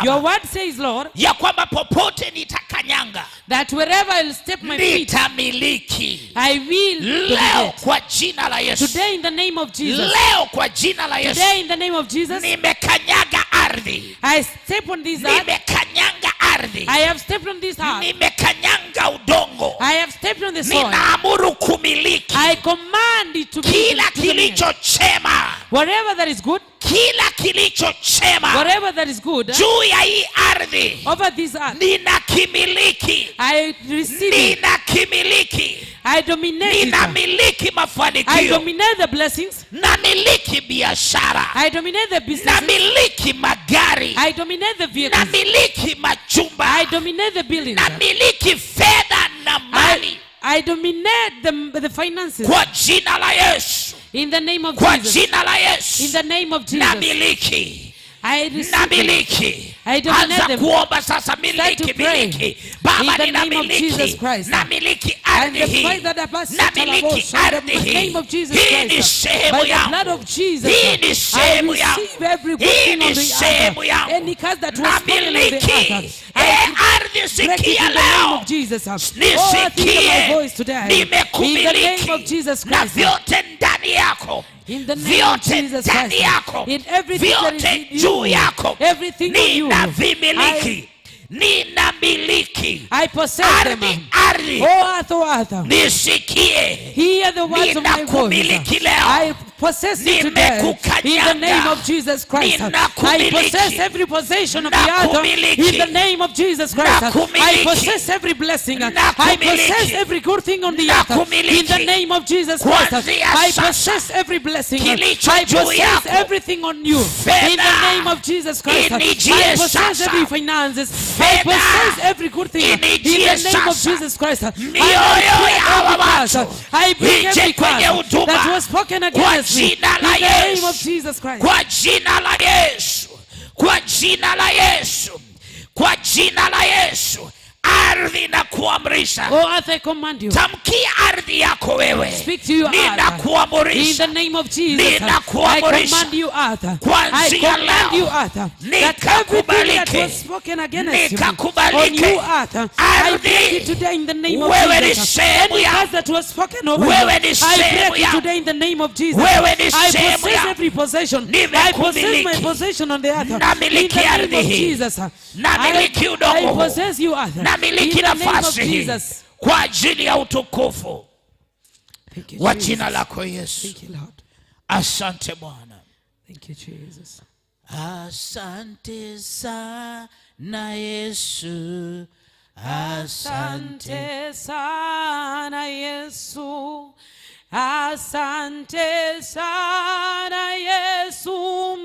Your word says, Lord, ya kwamba popote nitakanyanga that wherever I'll step my feet, nitamiliki. I will leo kwa jina la Yesu. Today in the name of Jesus. Leo kwa jina la Yesu. Today in the name of Jesus. Nimekanyaga ardhi. I step on this earth. Nimekanyaga ardhi. I have stepped on this earth. Nimekanyaga udongo. I have stepped on the soil. Ninaamuru kumiliki. I command it to be. Kila kilichochema Whatever that is good, kila kilicho chema whatever that is good, juu ya hii ardhi over this earth, nina kimiliki I receive nina kimiliki I dominate nina miliki mafanikio I dominate the blessings na miliki biashara I dominate the business na miliki magari I dominate the vehicles na miliki machumba I dominate the buildings na miliki fedha na mali I, I dominate the, the finances kwa jina la Yesu In the name of kwa Jesus. Jina la Yesu. In the name of Jesus. Namiliki I namiliki anza kuomba sasa, miliki miliki Baba, ninamiliki namiliki ardhi hii, namiliki ardhi hii. Hii ni sehemu yangu, hii ni sehemu yangu, hii ni sehemu yangu, namiliki eh, ardhi. Sikia leo, nisikie, oh, nimekumiliki na vyote ndani ndani yako, vyote ndani yako, vyote juu yako, ninavimiliki nina miliki ardhi ardhi, oh, nisikie kumiliki leo possess it today in the name of Jesus Christ. I possess every possession of the earth. in the name of Jesus Christ. I possess every blessing. I possess every good thing on the earth in the name of Jesus Christ. I possess every blessing. I possess everything on you in the name of Jesus Christ. I possess every finances. I possess every good thing in the name of Jesus Christ. I, I bring every curse that was spoken against jina la Yesu, kwa jina la Yesu, kwa jina la Yesu, kwa jina la Yesu ardhi na kuamrisha. oh, earth, I command you. Tamkia ardhi yako wewe. Speak to Ninakuamrisha. In the name of Jesus. I command you earth. Kuanzia leo. Nikakubalike. Nikakubalike. Ardhi. Wewe ni sehemu ya. Wewe ni sehemu ya. Wewe ni sehemu ya. Nimekumiliki. miliki ardhi hii. miliki udongo huu. Namiliki nafasi hii kwa ajili ya utukufu wa jina lako Yesu. Asante Bwana. Asante sana Yesu. Asante sana Yesu. Asante sana Yesu.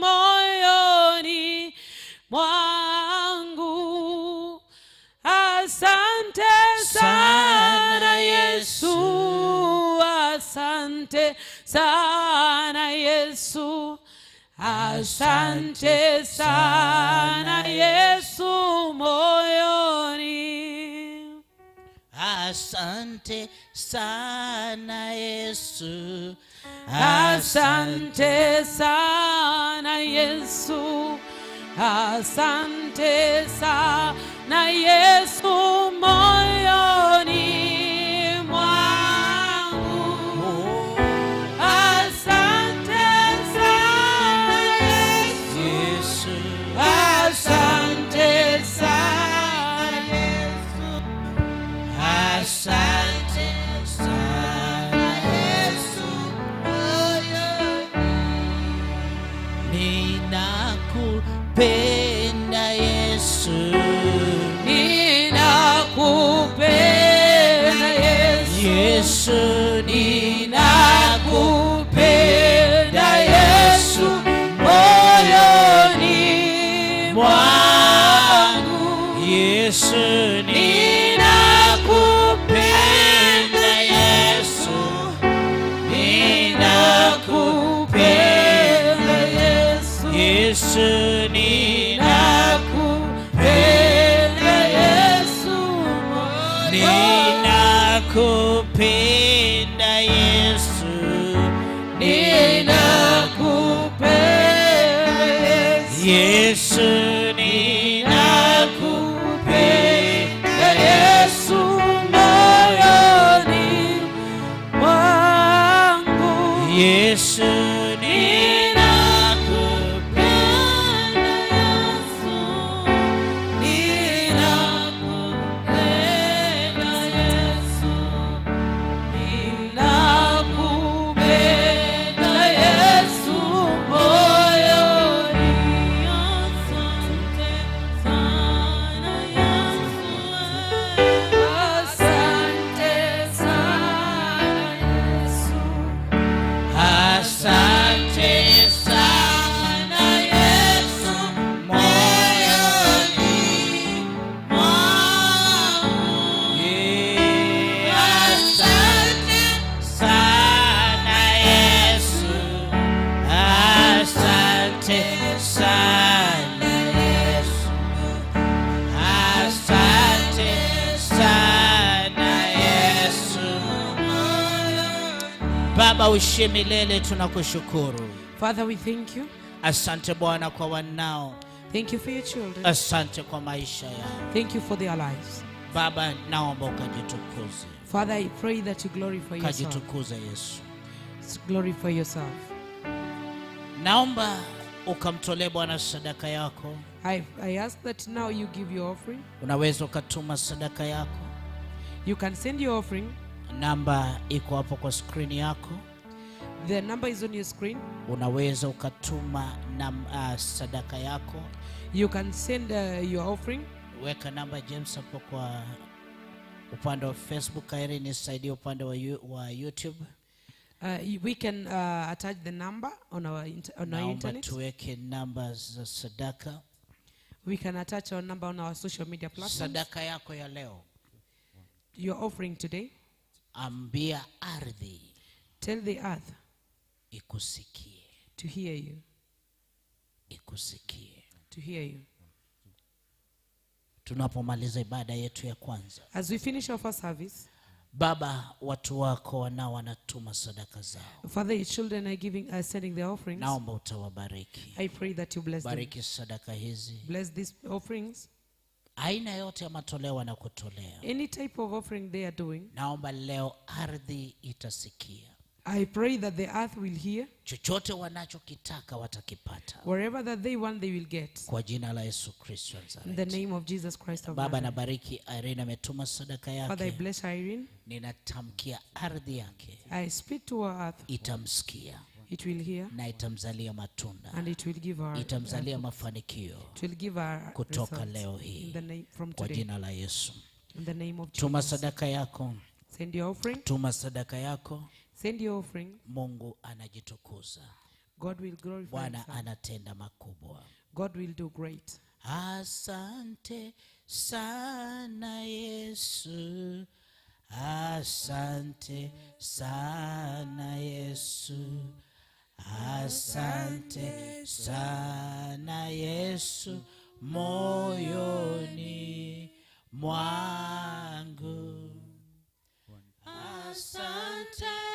Asante sana Yesu moyoni, asante sana Yesu, asante sana Yesu, asante sana Yesu moyoni Yesu, ninakupenda Yesu, Yesu ninakupenda Yesu, moyoni mwangu Yesu ninakupenda Yesu, ninakupenda Yesu, Ninakupenda Yesu, ninakupenda Yesu. ushi milele, tunakushukuru. Father, we thank you. Asante Bwana kwa wanao. Thank you for your children. Asante kwa maisha yao. Thank you for their lives. Baba, naomba ukajitukuze. Father, I pray that you glorify yourself. Kajitukuze Yesu. Glorify yourself. Naomba ukamtolee Bwana sadaka yako. I, I ask that now you give your offering. Unaweza ukatuma sadaka yako. You can send your offering. Namba iko hapo kwa skrini yako. The number is on your screen. Unaweza ukatuma na uh, sadaka yako. You can send uh, your offering. Weka namba James hapo kwa upande wa Facebook, Irene nisaidie upande wa, wa YouTube. Uh, we can uh, attach the number on our, inter on our internet. Tuweke namba za sadaka. We can attach our number on our social media platforms. Sadaka yako ya leo. Your offering today. Ambia ardhi. Tell the earth ikusikie to hear you ikusikie to hear you tunapomaliza ibada yetu ya kwanza as we finish our first service baba watu wako wanao wanatuma sadaka zao father your children are giving are sending their offerings naomba utawabariki i pray that you bless bariki them. sadaka hizi bless these offerings aina yote ya matoleo wanakutolea any type of offering they are doing naomba leo ardhi itasikia I pray that the earth will hear. Chochote wanachokitaka watakipata. Wherever that they want they will get. Kwa jina la Yesu Kristo In the name of Jesus Christ of Baba Nazareth. nabariki Irene ametuma sadaka yake. Father I bless Irene. Ninatamkia ardhi yake. I speak to her earth. Itamsikia. It will hear. Na itamzalia matunda. And it will give her. Itamzalia mafanikio. It will give her. Kutoka leo hii. In the name from today. Kwa jina la Yesu. In the name of Jesus. Tuma sadaka yako. Send your offering. Tuma sadaka yako. Send your offering. Mungu anajitukuza. God will glorify Bwana anatenda makubwa. God will do great. Asante sana Yesu. Asante sana Yesu. Asante sana Yesu moyoni mwangu. Asante sana.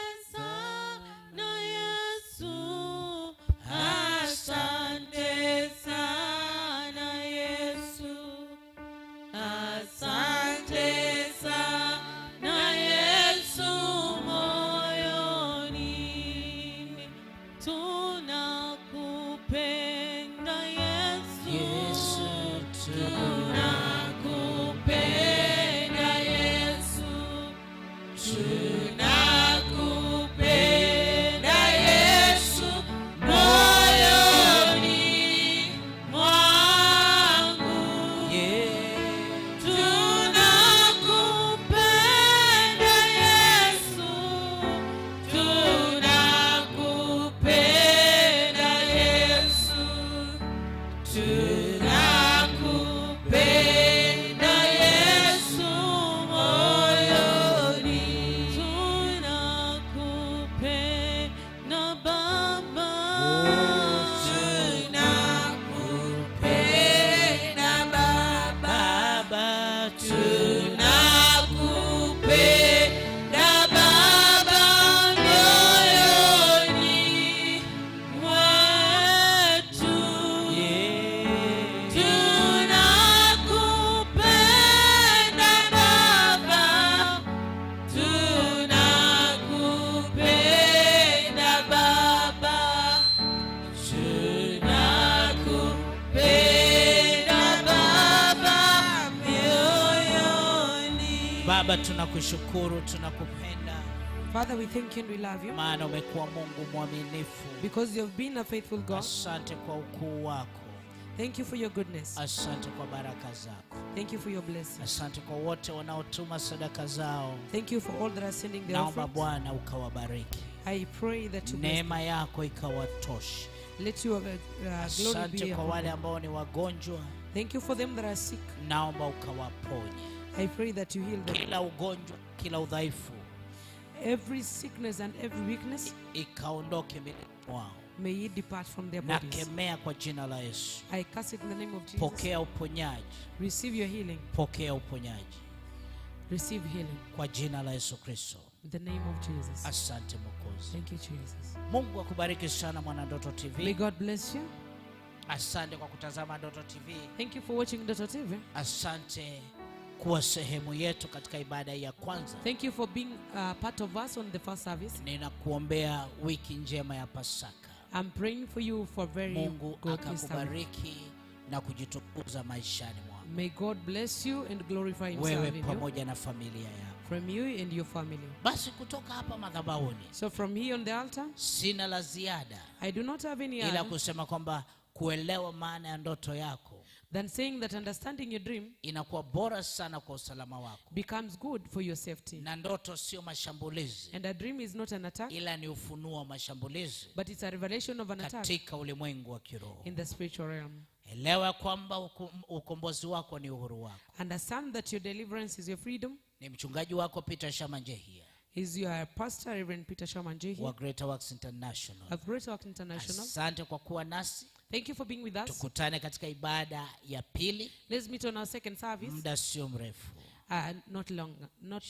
Baba, tunakushukuru, tunakupenda. Father, we thank you and we love you. Maana umekuwa Mungu mwaminifu. Because you have been a faithful God. Asante kwa ukuu wako. Thank you for your goodness. Asante kwa baraka zako. Thank you for your blessing. Asante kwa wote wanaotuma sadaka zao. Thank you for all that are sending their offerings. Naomba Bwana ukawabariki. I pray that you neema yako ikawatoshe. Let your uh, glory Asante kwa wale ambao ni wagonjwa. Thank you for them that are sick. Naomba ukawaponye. I pray that you heal them. Kila ugonjwa, kila udhaifu, every sickness and every weakness ikaondoke mbele mwao. May it depart from their bodies. Nakemea kwa jina la Yesu. I cast it in the name of Jesus. Pokea uponyaji. Receive your healing. Pokea uponyaji. Receive healing. Kwa jina la Yesu Kristo. In the name of Jesus. Asante Mwokozi. Thank you Jesus. Mungu akubariki sana mwana Ndoto TV. May God bless you. Asante kwa kutazama Ndoto TV. Thank you for watching Ndoto TV. Asante kuwa sehemu yetu katika ibada ya kwanza. Thank you for being uh, part of us on the first service. Ninakuombea wiki njema ya Pasaka. I'm praying for you for very Mungu akakubariki na kujitukuza maishani mwako. May God bless you and glorify himself wewe pamoja na familia yako. From you and your family. Basi kutoka hapa madhabahuni. So from here on the altar, sina la ziada. I do not have any ila kusema kwamba kuelewa maana ya ndoto yako than saying that understanding your dream inakuwa bora sana kwa usalama wako becomes good for your safety na ndoto sio mashambulizi and a dream is not an attack ila ni ufunuo wa mashambulizi but it's a revelation of an attack katika ulimwengu wa kiroho in the spiritual realm elewa kwamba ukombozi wako ni uhuru wako understand that your deliverance is your freedom ni mchungaji wako peter shamanjehia is your pastor Reverend Peter Shamanjehi wa Greater Works International. Of Greater Works International. Asante kwa kuwa nasi. Thank you for being with us. Tukutane katika ibada ya pili. Let's meet on our second service. Muda sio mrefu. Uh, not long, not